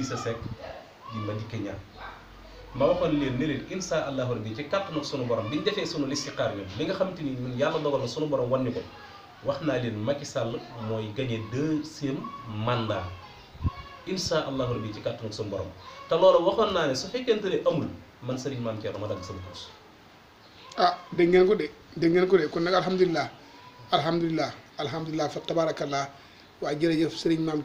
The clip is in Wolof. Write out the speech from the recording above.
Idrissa Seck di Madické Niang ma waxoon leen ne leen insha allahu rabbi ci kàttanu sunu borom bi ñu defee sunu listixaar ñun li nga xam te ni ñun yàlla dogal na sunu borom wan ni ko wax naa leen Macky Sall mooy gagné deuxième mandat insha allahu rabbi ci kàttanu sunu borom te loolu waxoon naa ne su fekkente ne amul man Serigne Mame Thierno ma dagg sama poos. ah dégg ngeen ko de dégg ngeen ko de kon nag alhamdulilah alhamdulilah alhamdulilah fa tabarakallah waa jërëjëf Serigne Mame